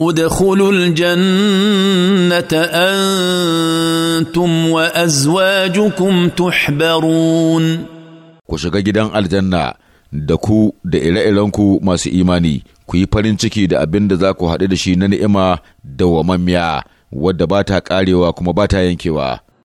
Ku ادخلوا الجنه انتم وازواجكم Tuhbarun. ku shiga gidan aljanna da ku da ire-irenku masu imani ku yi farin ciki da abin da za ku haɗu da shi na ni'ima da wamammiya wadda ba ta ƙarewa kuma ba ta yankewa